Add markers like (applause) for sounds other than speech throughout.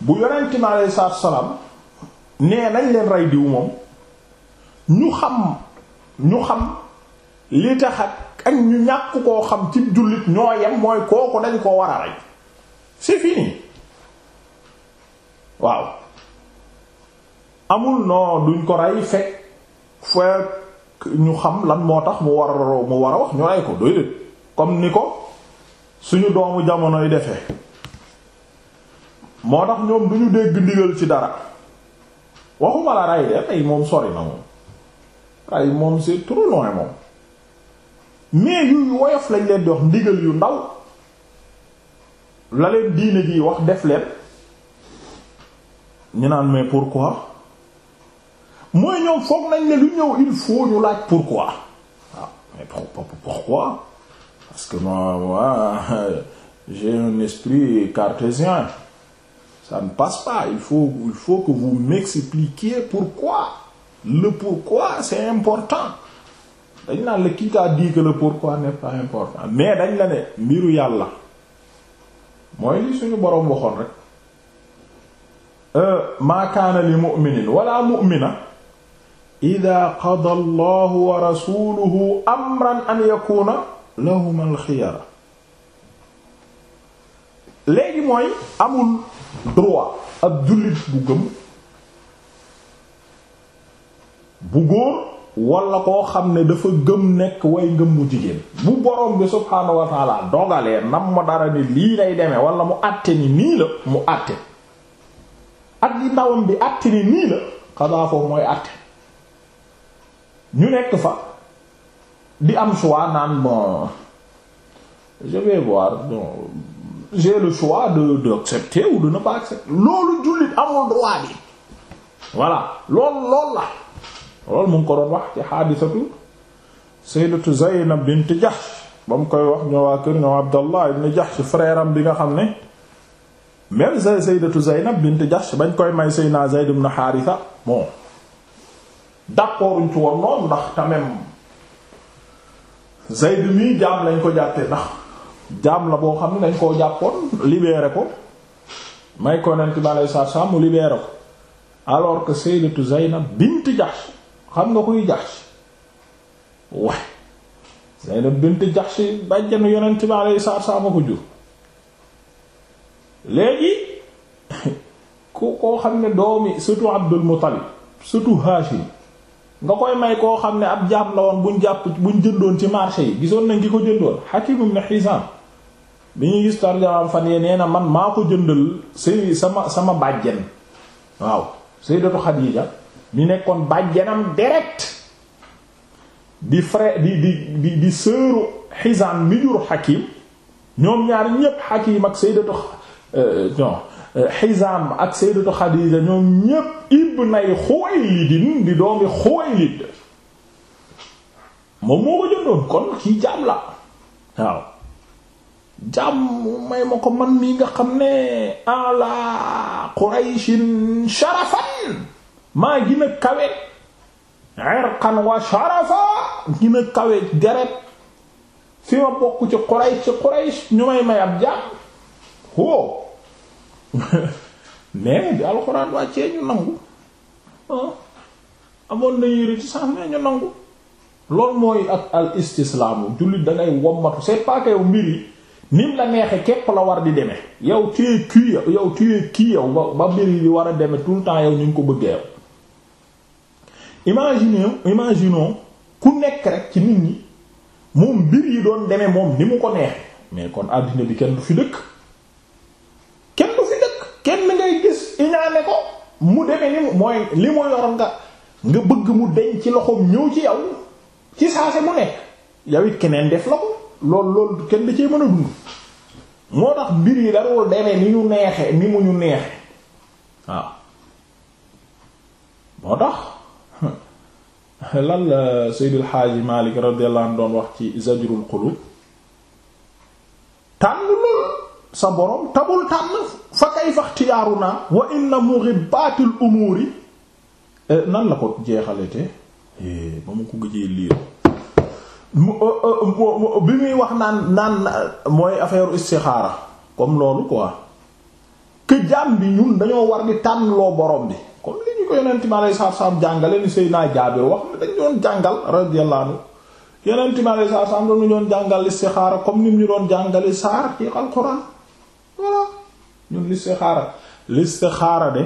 bu yonent mi aleyhi salaatu salaam nee nañ leen rey diw moom ñu xam ñu xam li tax ak ñu ñàkk koo xam ci jullit ñoo yem mooy kooku dañ ko war a rey c'est fini waaw amul noo duñ ko rey fekk fekk ñu xam lan moo tax mu war mu war a wax ñu rey ko doy comme ni ko suñu doomu jamonoy defee moo tax ñoom du ñu dégg ndigal ci dara waxuma la rey de rey moom sori na moom rey moom c'est trop loin moom mais yu woyof lañ leen di wax ndigal yu ndaw la leen diine gi wax def leen ñu naan mais pourquoi mooy ñoom foog nañ ne lu ñëw il faut ñu laaj pourquoi waaw pourquoi parce que moi moi (laughs) j'ai un esprit cartésien ça ne il faut que vous m'expliquiez pourquoi le pourquoi c'est important dañ naan la qui t'a dit que le pourquoi n'est pas important mais dañ la ne mbiru yàlla mooy li suñu boroom waxoon rek euh, maa kaana li mu'minin wala mu'mina ida qada allahu wa rasuluhu amran an yakuna lahum al léegi mooy amul droit ab jullit bu gëm bu góor wala koo xam ne dafa gëm nekk way ngëm bu jigéen bu borom bi subhaanahu wa taala dogalee nam ma dara ni lii lay demee wala mu àtte ni nii la mu àtte ak li ndawam bi àtte ni nii la xadaa foofu mooy àtte ñu nekk fa di am choix naan bon je vais j'ai le choix de d'accepter ou de ne pas accepter loolu jullit amul droit bi voilà loolu loolu la loolu mu ngi ko doon wax ci xaadisatu sayyidatu Zaynab bint Jahsh ba mu koy wax ñoo waa kër ñoo Abdallah ibn Jahsh frère am bi nga xam ne même sayyidatu Zaynab bint Jahsh bañ koy may sayyidina Zayd ibn Haritha bon d'accord ñu ci woon noonu ndax quand même jaam lañ ko jàppee ndax jaam la boo xam ne dañ koo jàppoon libéré ko may ko nent bi alei satu salaam mu ko alors que sayyidatu Zaynab bint Jahsh xam nga kuy Jahsh waay Zaynab bint Jahsh bàjjanu yonent bi alei satu salaam a ko jur léegi (laughs) ku koo xam ne doomi surtout Abdul Muttalib surtout Hashim nga koy may koo xam ne ab jaam la woon buñ jàpp buñ jëndoon ci marché yi gisoon nañ ki ko jëndoon Hakim ibn Hizam bi ñu gis tarjamaam fan yee nee na man maa ko jëndal sëy sama sama bàjjen waaw sayyidatu Xadiija mi nekkoon bàjjenam direct di frère di di di sëru Xizaam mi jur ñoom ñaar ñépp Hakim ak sayyidatu euh, non Xizaam euh, ak sayyidatu Xadiija ñoom ñépp ibnay Xuwaylid di doomi Xuwaylid moom moo ko jëndoon kon kii jaam la waaw jàmm may ma ko man mii nga xam ne ala qurayshin sharafan maa gën a kawe irqan wa sharafa gën a kawe deret fi ma bokk ci quraysh ci quraysh ñu may may ab jàmm woo (laughs) mais bi alxuraan wàccee ñu nangu ah. amoon nañu réticence mais ñu nangu loolu mooy ak al istislaamu jullit dangay wommatu c'est pas que mbir yi nim la neexe képp la war di demee yow téye kii yow téye kii yow ba ba mbir yi war a deme tout le temps yow ni nga ko bëggee yow imaginons imaginons ku nekk rek ci nit ñi moom mbir yi doon demee moom ni mu ko neex mais kon àddina bi kenn du fi dëkk kenn du fi dëkk kenn ngay gis iñaane ko mu demee ni mooy li mu yor nga nga bëgg mu deñ ci loxoom ñëw ci yow ci saase mu nekk yow keneen def la ko loolu lool kenn da cee mën a moo tax mbir yi darul demee ni ñu neexe ni mu ñu neexe waaw moo tax (laughs) lan la Seydil Xaaji Malik radiyallahu anhu doon wax ci zajrul qulub tànn lool sa borom tabul tànn fa kayfa ixtiyaaruna wa inna mughibbatil umuuri eh, nan la ko jeexalete eh, ba mu ko gëjee liir Euh, euh, bi muy wax naan naan mooy affaire istixaara comme loolu quoi que jaam bi ñun dañoo war di tànnloo borom bi comme li ñu ko yonent mi alayhi salaatu salaam jàngale ni Seydina Jaabir wax dañ doon jàngal radiyallahu anhu yonent mi alayhi salaatu salaam dañu doon jàngal istixaara comme ni ñu doon jàngale saar ci alxuraan voilà ñun listixaara listixaara de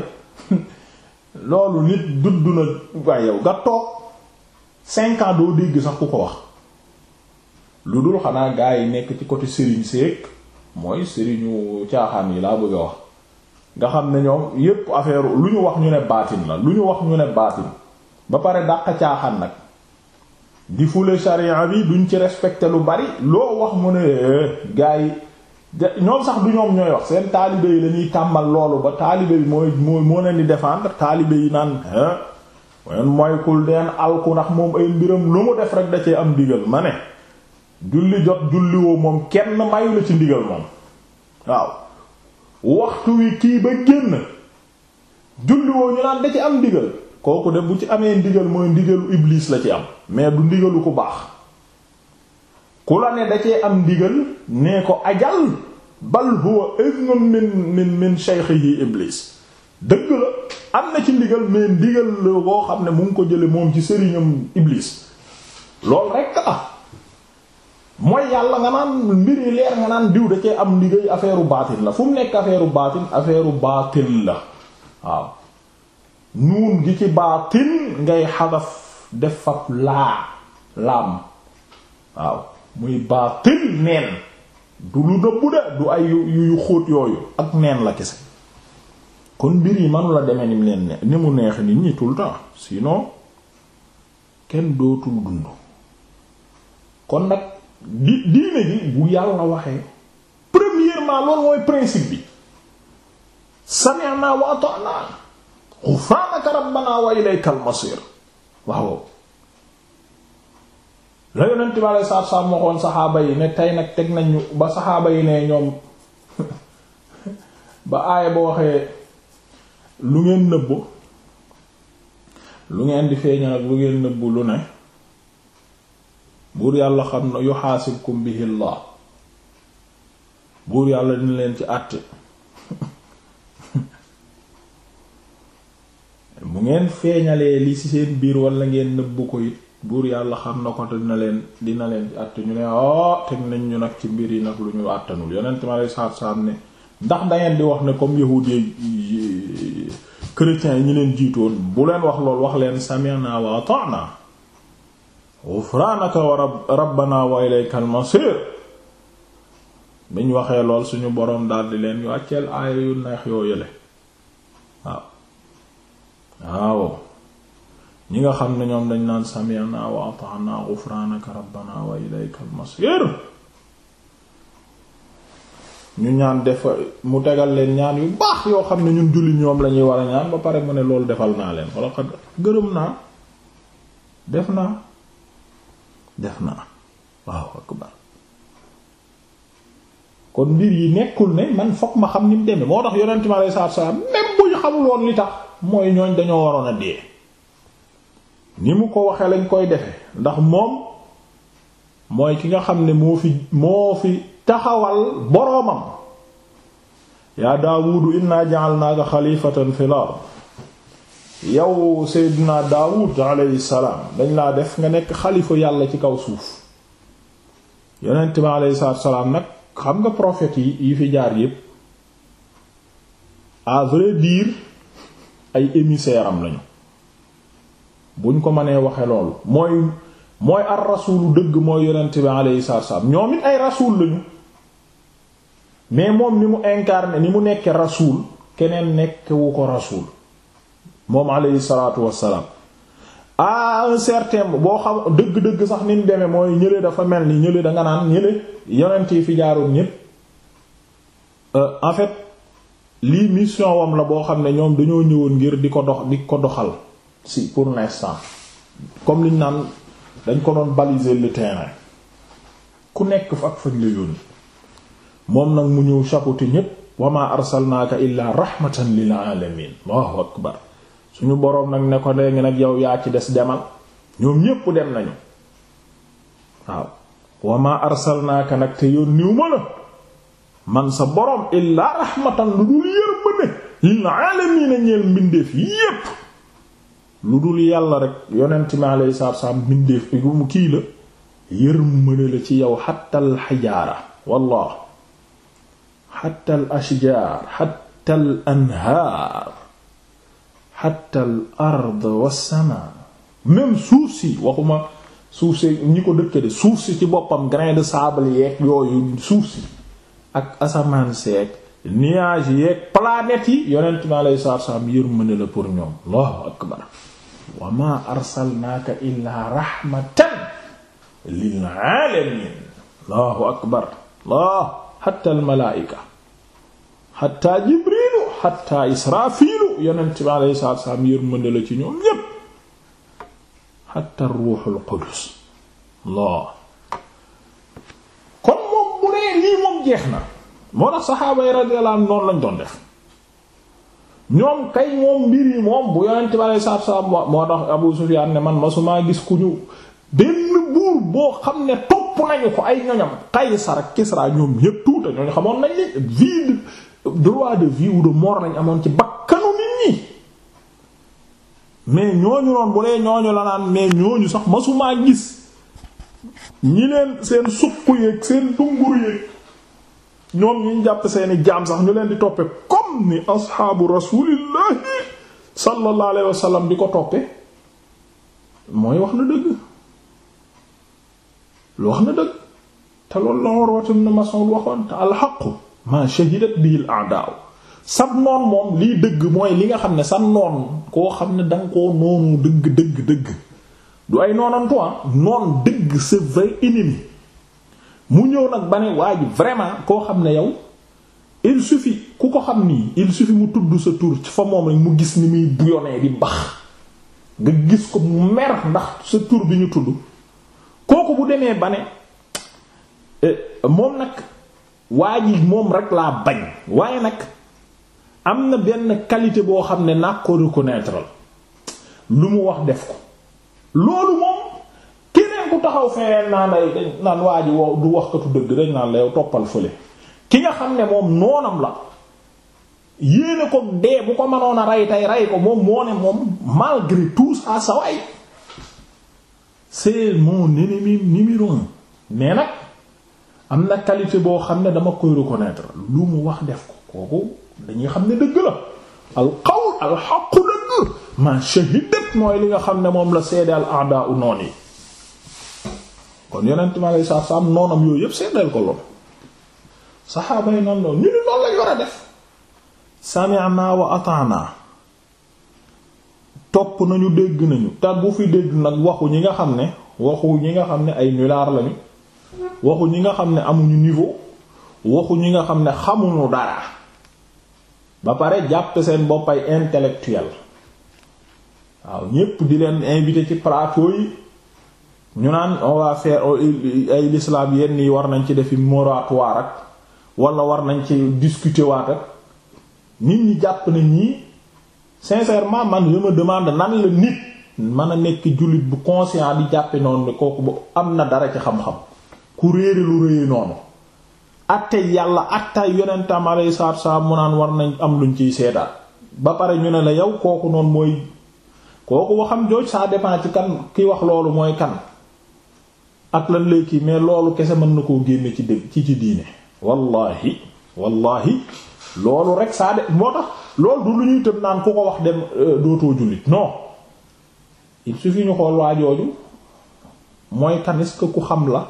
(laughs) loolu nit dudd na waaye yow nga toog doo dégg sax ku ko wax lu dul xanaa gaa yi nekk ci côté Serigne Seck mooy Serigne caaxaan yi laa bëgg a wax nga xam ne ñoom yépp affaire lu ñu wax ñu ne baatin la lu ñu wax ñu ne baatin ba pare dàq caaxaan nag di fule charia bi duñ ci respecté lu bari loo wax mu ne eh, gaa yi ñoom sax du ñoom ñooy wax seen taalibe yi la ñuy loolu ba taalibe yi mooy moo moo leen di défendre taalibe yi naan mooy eh, moykul deen alku ndax moom ay mbiram lu mu def rek da cee am digal ma ne julli jot julliwoo moom kenn mayu la ci ndigal moom waaw waxtu wi kii ba génn julliwoo ñu naan da ci am ndigal kooku de bu ci amee ndigal mooy ndigalu iblis la ci am mais du ndigalu ku baax ku la ne da cee am ndigal ne ko ajal bal huwa ibnun min min min shaykhihi iblis dëgg la am na ci ndigal mais ndigal la boo xam ne mu ngi ko jële moom ci sëriñam iblis loolu rekk ah mooy yàlla nga naan mbir yi leer nga naan diw da cee am liggéey affaire u baatin la fu mu nekk affaire u baatin affaire u baatil la waaw nuun gi ci baatin ngay xadaf def fab laa laam waaw muy baatil neen du lu nëbbu de du ay yu yu xóot yooyu ak neen la kese kon mbir yi manula demee ni mu mu neex nit ñi tout le temps kenn dootul dund kon nag di diine gi bu yàlla waxee premièrement loolu mooy principe bi sami'na wa ata'na ghufranaka rabbana wa ilaykal masir waaw la yonent bi alei saatu salaam saxaaba yi ne tey nag teg nañu ba saxaaba yi ne ñoom (laughs) ba aaya ba waxee lu ngeen nëbbu lu ngeen di feeñal ak lu ngeen nëbbu lu ne buur yàlla xam na yu yuxaasibkum bihi Allah buur yàlla dina leen ci àtte bu (laughs) ngeen feeñalee li ci seen biir wala ngeen nëbbu ko buur yàlla xam na ko te dina leen dina leen ci àtte ñu ne oh teg nañ ñu nag ci mbir yi nag lu ñu àttanul yonent ma lay saab saab ne ndax dangeen di wax ne comme yahuud yi chrétiens yi ñu leen jiitoon bu leen wax lool wax leen sami'na wa ata'na ghufraanaka wa rabbana wa ilayka al-masiir biñ waxee lool suñu boroom daldi leen yu àcceel aaya yu neex yoo yële waaw ñi nga xam ne ñoom dañ naan sami'na wa ata'na ghufraanaka rabbana wa ilayka al-masiir ñu ñaan def mu tegal leen ñaan yu baax yoo xam ne ñun julli ñoom lañuy war a ñaan ba pare mu ne loolu defal naa leen wala xad gërëm naa def naa def naa waaw akbar kon mbir yi nekkul ne man fokk ma xam ni mu demee moo tax yonent mi aleyhi salaatu salaam même bu ñu li tax mooy ñooñ dañoo waroon a dee ni mu ko waxee lañ koy defe ndax moom mooy ki nga xam ne moo fi moo fi taxawal boroomam yaa daawudu naa ja'alnaaka xalifatan fil yow Seydina Daawud alayhi salaam dañ laa def nga nekk xalifa yàlla ci kaw suuf yonent bi alayhi salaam nag xam nga prophètes yi yi fi jaar yépp à vrai ay émissaires am lañu buñ ko mënee waxe loolu mooy mooy ar rasuulu dëgg mooy yonent bi alayhi salaam ñoom it ay rasuul lañu mais moom ni mu incarné ni mu nekke rasuul keneen nekkewu ko rasuul moom aleyhi salaatu wassalaam a un certain boo xam dëgg-dëgg sax ni mu demee mooy ñële dafa mel ni ñële danga naan ñële yonent yi fi jaaroon ñépp euh, en fait lii mission wam la boo xam ne ñoom dañoo ñëwoon ngir di ko dox di ko doxal si pour l'instant comme liñ naan dañ ko doon baliser le terrain ku nekk fa ak fañ la yónni moom nag mu ñëw chapeauté ñépp wa ma arsalnaaka illaa rahmatan lil alamin Allahu akbar suñu boroom nag ne ko léegi nag yow yaa ci des demal ñoom ñépp dem nañu waaw wama arsalnaaka nag te yónniw ma la man sa boroom illaa rahmatan lu dul yërmande lil aalamiina ñeel mbindeef yépp lu dul yàlla rekk yonent mi alayhi salaatu salaam mbindeef bi kii la yërmande la ci yow xatta al xijaara xatta al xatta al hatta al ard was-samaa même suuf si waxuma suuf si ñi ko dëkk de suuf si ci boppam grain de sable yeeg yooyu suuf si ak asamaan seeg nuage yeeg planètes yi yonent mi alayhi salaatu salaam yërmande la pour ñoom allahu akbar wa maa arsalnaaka illaa rahmatan lil aalamiin allahu akbar allah hatta al malaa'ika jibriilu hatta israafiilu yonent bi alayhi salaatu salaam yërmande la ci ñoom yépp xatta ruuxul qudus kon moom bu nee lii moom jeex na moo tax saxaaba yi radiyallahu anhum noonu lañ doon def ñoom kay moom mbir yi moom bu yonent bi alayhi salaatu salaam moo tax Abu Sufyaan ne man masumaa gis ku ñu benn buur boo xam ne topp nañu ko ay ñoñam Qaysar ak Kisra ñoom yépp tuuta ñooñu xamoon nañ li vide droit de vie ou de mort lañ amoon ci bakkanu nit ñi mais ñooñu noonu bu dee ñooñu la naan mais ñooñu sax masumaa gis ñi leen seen suq yeeg seen dunguru yeeg ñoom ñu jàpp seeni jaam sax ñu leen di toppee comme ni asxaabu rasulillahi sallallahu alayhi di ko toppee mooy wax na dëgg lu wax na dëgg te lool la Urwatu ibn Mas'ud waxoon te alxaqu ma shahidat bihi al-a'da'u sab noon moom liy dëgg mooy li nga xam ne sa noon koo xam ne da nga koo noonu dëgg dëgg dëgg du ay noonantu ah. noon dëgg c'est vrai ennemi mu ñëw nag ba ne waa ji vraiment koo xam ne yow il suffit ku ko xam nii il suffit mu tudd sa tur ci fa moom rek mu gis ni muy bouillonner bi bax nga gis ko mu mer ndax sa tur bi ñu tudd kooku bu demee bane eh, moom nag waa ji moom rek laa bañ waaye nag am na benn qualité boo xam ne naa ko reconnaître lu mu wax def ko loolu moom keneen ku taxaw feneen naan ay waa ji wow du waxkatu dëgg dañ naan la yow toppal fële ki nga xam ne moom noonam la yéene ko dee bu ko mënoon rey tey rey ko moom moo ne moom malgré tout ça sa waay c'est mon ennemi numéro un mais nag am na qualité boo xam ne dama koy reconnaître lu mu wax def ko kooku dañuy xam ne dëgg la al qawl al haqq dëgg man mooy li nga xam ne moom la seede al a'da u noon yi kon yonent mi alei satu salaam yooyu yépp seedeel ko lool saxaaba yi noonu loolu ñu ni war a def sami'na wa ata'na topp nañu dégg nañu te bu fi dégg nag waxu ñi nga xam ne waxu ñi nga xam ne ay nulaar lañu waxu ñi nga xam ne amuñu niveau waxu ñi nga xam ne xamuñu dara ba pare jàpp seen boppay intellectuel waaw ñépp di leen invité ci plateau yi ñu naan on va faire oh, ay l'islam yenn yi war nañ ci defi moratoire ak wala war nañ ci discuter waat ak nit ñi jàpp nañ ñii sincèrement man je me demande nan la nit mën a nekk jullit bu conscient di jàppe noonu ne kooku bu am na dara ci xam-xam ku réere lu réye noonu attey yàlla attay yonentam alayhi salaatu wassalaam mu naan war nañ am luñ ciy seedaat ba pare ñu ne la yow kooku noonu mooy kooku waxam jooj ça dépend ci kan ki wax loolu mooy kan ak lan lay kii mais loolu kese mën na koo génne ci dëgg ci ci diine wallaahi wallaahi loolu rek saa de moo tax loolu du lu ñuy tëb naan ku ko wax dem euh, dootoo jullit noo il suffit ñu xool waa jooju mooy kan est ku xam la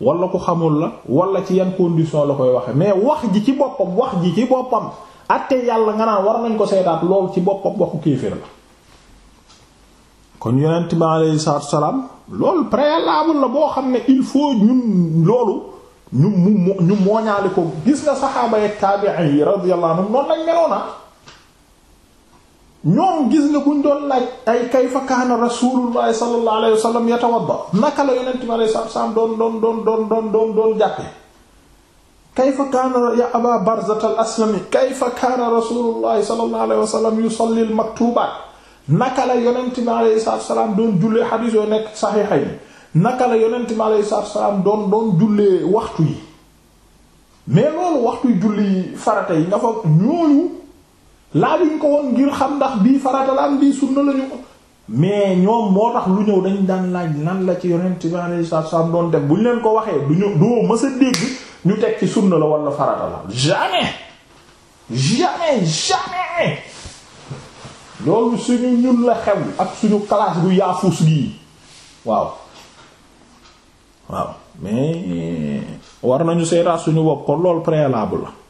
wala ku xamul la wala ci yan condition la koy waxe mais wax ji ci boppam wax ji ci boppam atte yàlla nga naan war nañ ko seetaat lool ci boppam waxu kéefër la kon yonent bi aleyhi salaatu salaam loolu préalable na boo xam ne il faut ñun loolu ñu mu ñu mooñaale ko gis nga saxaaba yi taabi'i yi radiyallahu anhum noonu lañ meloona ah. ñoom gis nga ñu doon laaj ay kayfa kaana rasulullah sallallahu alayhi wa sallam yatawadda naka la yonent bi alayhi salaatu salaam doon doon doon doon doon doon doon jàppe kayfa kaana ya aba barzat al aslami kayfa kaana rasulullah sallallahu alayhi wa sallam yusalli al naka la yonent bi alayhi salaatu salaam doon jullee xadiis naka la yonent bi alayhi salaatu salaam doon jullee waxtu yi mais loolu waxtu julli farata yi nga fa ñooñu laajuñ ko woon ngir xam ndax bii farata am bii sunna lañu mais ñoom moo tax lu ñëw dañu daan laaj nan la ci yonent bi alayhi salaatu salaam doon def bu ñu leen ko waxee du ñu doo mës a dégg ñu teg ci sunna la wala farata la jamais jamais jamais loolu suñu ñun la xew ak suñu classe bu yaafuus gii waaw waaw mais war nañu seetaat suñu bopp ko loolu préalable la